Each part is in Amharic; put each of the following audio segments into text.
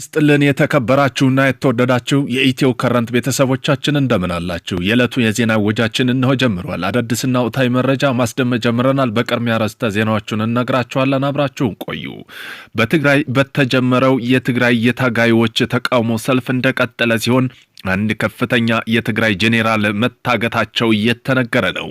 ይስጥልን የተከበራችሁና የተወደዳችሁ የኢትዮ ከረንት ቤተሰቦቻችን እንደምን አላችሁ? የዕለቱ የዜና ወጃችን እንሆ ጀምሯል። አዳዲስና ወቅታዊ መረጃ ማስደመ ጀምረናል። በቅድሚያ ርዕሰ ዜናዎቹን እነግራችኋለን። አብራችሁን ቆዩ። በትግራይ በተጀመረው የትግራይ የታጋዮች ተቃውሞ ሰልፍ እንደቀጠለ ሲሆን አንድ ከፍተኛ የትግራይ ጄኔራል መታገታቸው እየተነገረ ነው።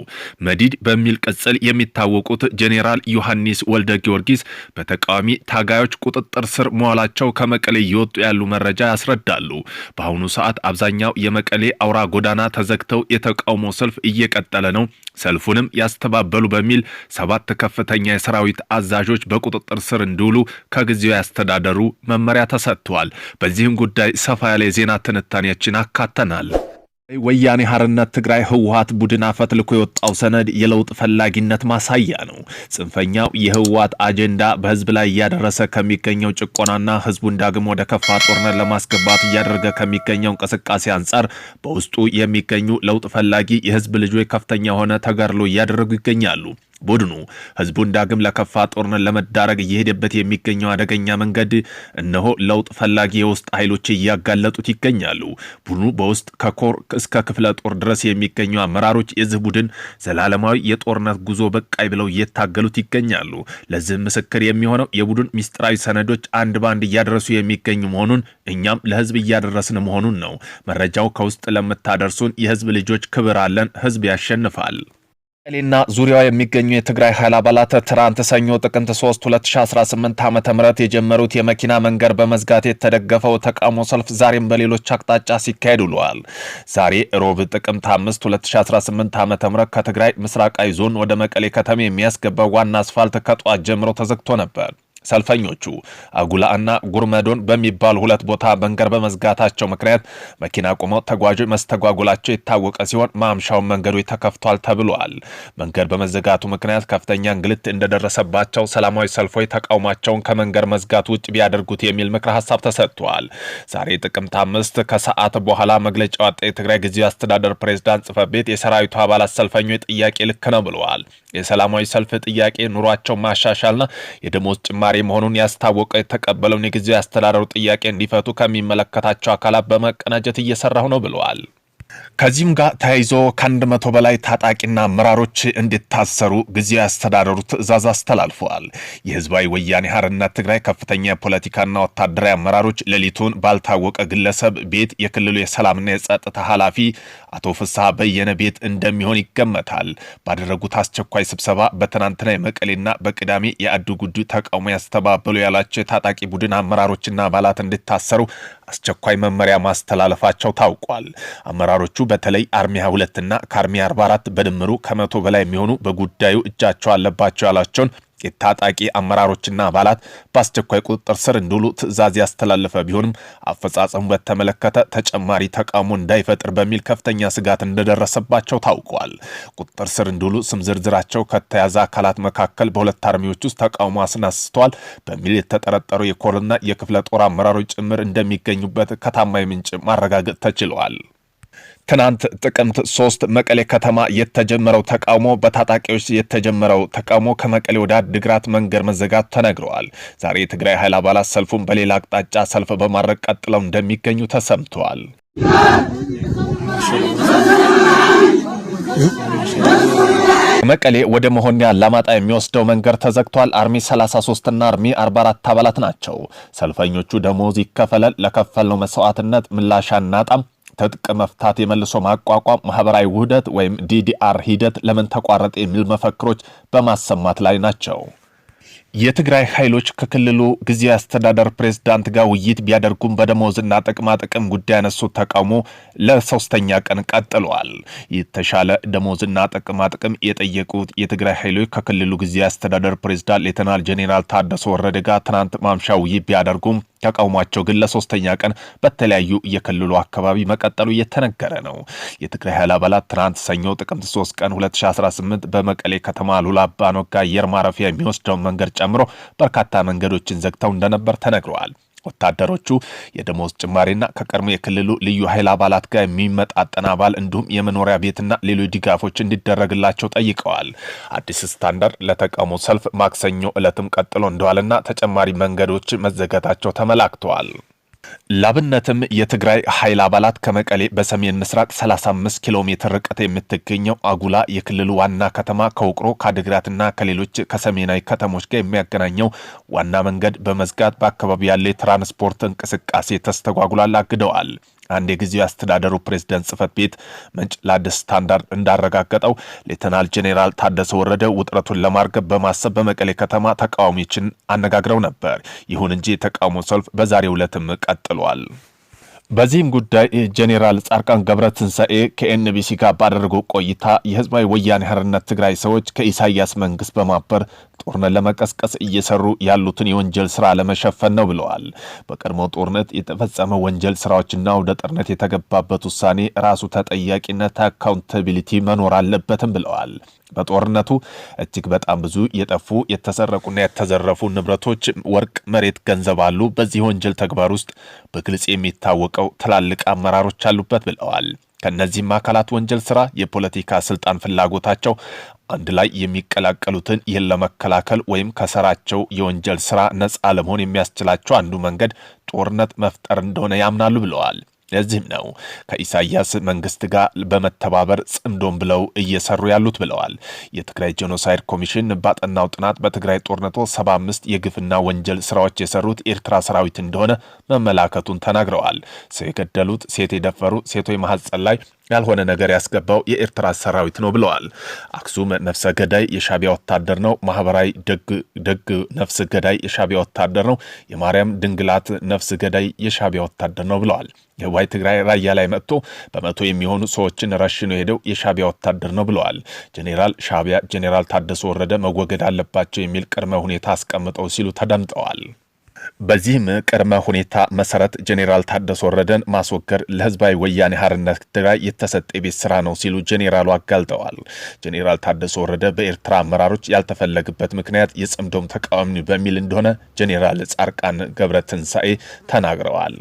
መዲድ በሚል ቅጽል የሚታወቁት ጄኔራል ዮሐንስ ወልደ ጊዮርጊስ በተቃዋሚ ታጋዮች ቁጥጥር ስር መዋላቸው ከመቀሌ እየወጡ ያሉ መረጃ ያስረዳሉ። በአሁኑ ሰዓት አብዛኛው የመቀሌ አውራ ጎዳና ተዘግተው የተቃውሞ ሰልፍ እየቀጠለ ነው። ሰልፉንም ያስተባበሉ በሚል ሰባት ከፍተኛ የሰራዊት አዛዦች በቁጥጥር ስር እንዲውሉ ከጊዜው ያስተዳደሩ መመሪያ ተሰጥቷል። በዚህም ጉዳይ ሰፋ ያለ የዜና ትንታኔያችን አካተናል። ወያኔ ሐርነት ትግራይ ህወሀት ቡድን አፈትልኮ የወጣው ሰነድ የለውጥ ፈላጊነት ማሳያ ነው። ጽንፈኛው የህወሀት አጀንዳ በህዝብ ላይ እያደረሰ ከሚገኘው ጭቆናና ህዝቡን ዳግም ወደ ከፋ ጦርነት ለማስገባት እያደረገ ከሚገኘው እንቅስቃሴ አንጻር በውስጡ የሚገኙ ለውጥ ፈላጊ የህዝብ ልጆች ከፍተኛ የሆነ ተጋድሎ እያደረጉ ይገኛሉ። ቡድኑ ህዝቡን ዳግም ለከፋ ጦርነት ለመዳረግ እየሄደበት የሚገኘው አደገኛ መንገድ እነሆ ለውጥ ፈላጊ የውስጥ ኃይሎች እያጋለጡት ይገኛሉ። ቡድኑ በውስጥ ከኮር እስከ ክፍለ ጦር ድረስ የሚገኙ አመራሮች የዚህ ቡድን ዘላለማዊ የጦርነት ጉዞ በቃይ ብለው እየታገሉት ይገኛሉ። ለዚህም ምስክር የሚሆነው የቡድን ሚስጥራዊ ሰነዶች አንድ በአንድ እያደረሱ የሚገኙ መሆኑን እኛም ለህዝብ እያደረስን መሆኑን ነው። መረጃው ከውስጥ ለምታደርሱን የህዝብ ልጆች ክብር አለን። ህዝብ ያሸንፋል። መቀሌና ዙሪያዋ የሚገኙ የትግራይ ኃይል አባላት ትናንት ሰኞ ጥቅምት 3 2018 ዓ ም የጀመሩት የመኪና መንገድ በመዝጋት የተደገፈው ተቃውሞ ሰልፍ ዛሬም በሌሎች አቅጣጫ ሲካሄድ ውለዋል። ዛሬ ሮብ ጥቅምት 5 2018 ዓ ም ከትግራይ ምስራቃዊ ዞን ወደ መቀሌ ከተማ የሚያስገባው ዋና አስፋልት ከጠዋት ጀምሮ ተዘግቶ ነበር። ሰልፈኞቹ አጉላአና ጉርመዶን በሚባሉ ሁለት ቦታ መንገድ በመዝጋታቸው ምክንያት መኪና ቆመው ተጓዦች መስተጓጉላቸው የታወቀ ሲሆን ማምሻውን መንገዶች ተከፍቷል ተብሏል። መንገድ በመዘጋቱ ምክንያት ከፍተኛ እንግልት እንደደረሰባቸው ሰላማዊ ሰልፎች ተቃውሟቸውን ከመንገድ መዝጋት ውጭ ቢያደርጉት የሚል ምክር ሀሳብ ተሰጥቷል። ዛሬ ጥቅምት አምስት ከሰዓት በኋላ መግለጫ ወጣ። የትግራይ ጊዜያዊ አስተዳደር ፕሬዝዳንት ጽህፈት ቤት የሰራዊቱ አባላት ሰልፈኞች ጥያቄ ልክ ነው ብለዋል። የሰላማዊ ሰልፍ ጥያቄ ኑሯቸው ማሻሻልና የደሞዝ ጭማሪ መሆኑን ያስታወቀ የተቀበለውን የጊዜያዊ አስተዳደሩ ጥያቄ እንዲፈቱ ከሚመለከታቸው አካላት በመቀናጀት እየሰራሁ ነው ብለዋል። ከዚህም ጋር ተያይዞ ከአንድ መቶ በላይ ታጣቂና አመራሮች እንዲታሰሩ ጊዜያዊ አስተዳደሩ ትዕዛዝ አስተላልፈዋል። የህዝባዊ ወያኔ ሓርነት ትግራይ ከፍተኛ የፖለቲካና ወታደራዊ አመራሮች ሌሊቱን ባልታወቀ ግለሰብ ቤት የክልሉ የሰላምና የጸጥታ ኃላፊ አቶ ፍስሐ በየነ ቤት እንደሚሆን ይገመታል ባደረጉት አስቸኳይ ስብሰባ በትናንትና የመቀሌና በቅዳሜ የአዱ ጉዱ ተቃውሞ ያስተባበሉ ያላቸው የታጣቂ ቡድን አመራሮችና አባላት እንዲታሰሩ አስቸኳይ መመሪያ ማስተላለፋቸው ታውቋል። አመራሮቹ በተለይ አርሚያ 2ና ከአርሚያ 44 በድምሩ ከመቶ በላይ የሚሆኑ በጉዳዩ እጃቸው አለባቸው ያላቸውን የታጣቂ አመራሮችና አባላት በአስቸኳይ ቁጥጥር ስር እንዲውሉ ትዕዛዝ ያስተላለፈ ቢሆንም አፈጻጸሙ በተመለከተ ተጨማሪ ተቃውሞ እንዳይፈጥር በሚል ከፍተኛ ስጋት እንደደረሰባቸው ታውቋል። ቁጥጥር ስር እንዲውሉ ስም ዝርዝራቸው ከተያዘ አካላት መካከል በሁለት አርሚዎች ውስጥ ተቃውሞ አስነስተዋል በሚል የተጠረጠሩ የኮርና የክፍለ ጦር አመራሮች ጭምር እንደሚገኙበት ከታማኝ ምንጭ ማረጋገጥ ተችሏል። ትናንት ጥቅምት ሶስት መቀሌ ከተማ የተጀመረው ተቃውሞ በታጣቂዎች የተጀመረው ተቃውሞ ከመቀሌ ወደ አድግራት መንገድ መዘጋቱ ተነግረዋል። ዛሬ የትግራይ ኃይል አባላት ሰልፉን በሌላ አቅጣጫ ሰልፍ በማድረግ ቀጥለው እንደሚገኙ ተሰምተዋል። መቀሌ ወደ መሆኒያ ለማጣ የሚወስደው መንገድ ተዘግቷል። አርሚ 33 እና አርሚ 44 አባላት ናቸው። ሰልፈኞቹ ደሞዝ ይከፈለል፣ ለከፈልነው መስዋዕትነት ምላሽ አናጣም ትጥቅ መፍታት፣ የመልሶ ማቋቋም ማህበራዊ ውህደት ወይም ዲዲአር ሂደት ለምን ተቋረጠ የሚል መፈክሮች በማሰማት ላይ ናቸው። የትግራይ ኃይሎች ከክልሉ ጊዜያዊ አስተዳደር ፕሬዝዳንት ጋር ውይይት ቢያደርጉም በደሞዝና ጥቅማ ጥቅም ጉዳይ ያነሱት ተቃውሞ ለሶስተኛ ቀን ቀጥሏል። የተሻለ ደሞዝና ጥቅማ ጥቅም የጠየቁት የትግራይ ኃይሎች ከክልሉ ጊዜያዊ አስተዳደር ፕሬዝዳንት ሌተናል ጄኔራል ታደሰ ወረደ ጋር ትናንት ማምሻ ውይይት ቢያደርጉም ተቃውሟቸው ግን ለሶስተኛ ቀን በተለያዩ የክልሉ አካባቢ መቀጠሉ እየተነገረ ነው። የትግራይ ኃይል አባላት ትናንት ሰኞ ጥቅምት 3 ቀን 2018 በመቀሌ ከተማ ሉላ አባ አየር ማረፊያ የሚወስደውን መንገድ ጨምሮ በርካታ መንገዶችን ዘግተው እንደነበር ተነግረዋል። ወታደሮቹ የደሞዝ ጭማሪና ከቀድሞ የክልሉ ልዩ ኃይል አባላት ጋር የሚመጣጠን አባል እንዲሁም የመኖሪያ ቤትና ሌሎች ድጋፎች እንዲደረግላቸው ጠይቀዋል። አዲስ ስታንዳርድ ለተቃውሞ ሰልፍ ማክሰኞ ዕለትም ቀጥሎ እንደዋለና ተጨማሪ መንገዶች መዘጋታቸው ተመላክተዋል። ላብነትም የትግራይ ኃይል አባላት ከመቀሌ በሰሜን ምስራቅ 35 ኪሎ ሜትር ርቀት የምትገኘው አጉላ የክልሉ ዋና ከተማ ከውቅሮ ከአድግራትና ከሌሎች ከሰሜናዊ ከተሞች ጋር የሚያገናኘው ዋና መንገድ በመዝጋት በአካባቢ ያለ የትራንስፖርት እንቅስቃሴ ተስተጓጉሏል፣ አግደዋል። አንድ የጊዜው አስተዳደሩ ፕሬዝደንት ጽህፈት ቤት ምንጭ ለአዲስ ስታንዳርድ እንዳረጋገጠው ሌተናል ጄኔራል ታደሰ ወረደ ውጥረቱን ለማርገብ በማሰብ በመቀሌ ከተማ ተቃዋሚዎችን አነጋግረው ነበር። ይሁን እንጂ የተቃውሞ ሰልፍ በዛሬው ዕለትም ቀጥሏል። በዚህም ጉዳይ ጄኔራል ጻድቃን ገብረ ትንሣኤ ከኤንቢሲ ጋር ባደረጉ ቆይታ የህዝባዊ ወያኔ ሓርነት ትግራይ ሰዎች ከኢሳያስ መንግስት በማበር ጦርነት ለመቀስቀስ እየሰሩ ያሉትን የወንጀል ስራ ለመሸፈን ነው ብለዋል። በቀድሞ ጦርነት የተፈጸመ ወንጀል ስራዎችና ወደ ጦርነት የተገባበት ውሳኔ ራሱ ተጠያቂነት አካውንታቢሊቲ መኖር አለበትም ብለዋል። በጦርነቱ እጅግ በጣም ብዙ የጠፉ የተሰረቁና የተዘረፉ ንብረቶች፣ ወርቅ፣ መሬት፣ ገንዘብ አሉ። በዚህ ወንጀል ተግባር ውስጥ በግልጽ የሚታወቀው ትላልቅ አመራሮች አሉበት ብለዋል። ከእነዚህም አካላት ወንጀል ስራ የፖለቲካ ስልጣን ፍላጎታቸው አንድ ላይ የሚቀላቀሉትን ይህን ለመከላከል ወይም ከሰራቸው የወንጀል ስራ ነጻ ለመሆን የሚያስችላቸው አንዱ መንገድ ጦርነት መፍጠር እንደሆነ ያምናሉ ብለዋል። ለዚህም ነው ከኢሳያስ መንግስት ጋር በመተባበር ጽምዶን ብለው እየሰሩ ያሉት ብለዋል። የትግራይ ጄኖሳይድ ኮሚሽን ባጠናው ጥናት በትግራይ ጦርነቶ ሰባ አምስት የግፍና ወንጀል ስራዎች የሰሩት ኤርትራ ሰራዊት እንደሆነ መመላከቱን ተናግረዋል። ሰው የገደሉት፣ ሴት የደፈሩ፣ ሴቶች ማህፀን ላይ ያልሆነ ነገር ያስገባው የኤርትራ ሰራዊት ነው ብለዋል። አክሱም ነፍሰ ገዳይ የሻቢያ ወታደር ነው። ማህበራዊ ደግ ነፍስ ገዳይ የሻቢያ ወታደር ነው። የማርያም ድንግላት ነፍስ ገዳይ የሻቢያ ወታደር ነው ብለዋል። የዋይ ትግራይ ራያ ላይ መጥቶ በመቶ የሚሆኑ ሰዎችን ረሽኖ የሄደው የሻቢያ ወታደር ነው ብለዋል። ጄኔራል ሻቢያ ጄኔራል ታደሰ ወረደ መወገድ አለባቸው የሚል ቅድመ ሁኔታ አስቀምጠው ሲሉ ተደምጠዋል። በዚህም ቅድመ ሁኔታ መሰረት ጄኔራል ታደሰ ወረደን ማስወገድ ለህዝባዊ ወያኔ ሀርነት ትግራይ የተሰጠ የቤት ስራ ነው ሲሉ ጄኔራሉ አጋልጠዋል። ጄኔራል ታደሰ ወረደ በኤርትራ አመራሮች ያልተፈለገበት ምክንያት የጽምዶም ተቃዋሚ በሚል እንደሆነ ጄኔራል ጻርቃን ገብረ ትንሣኤ ተናግረዋል።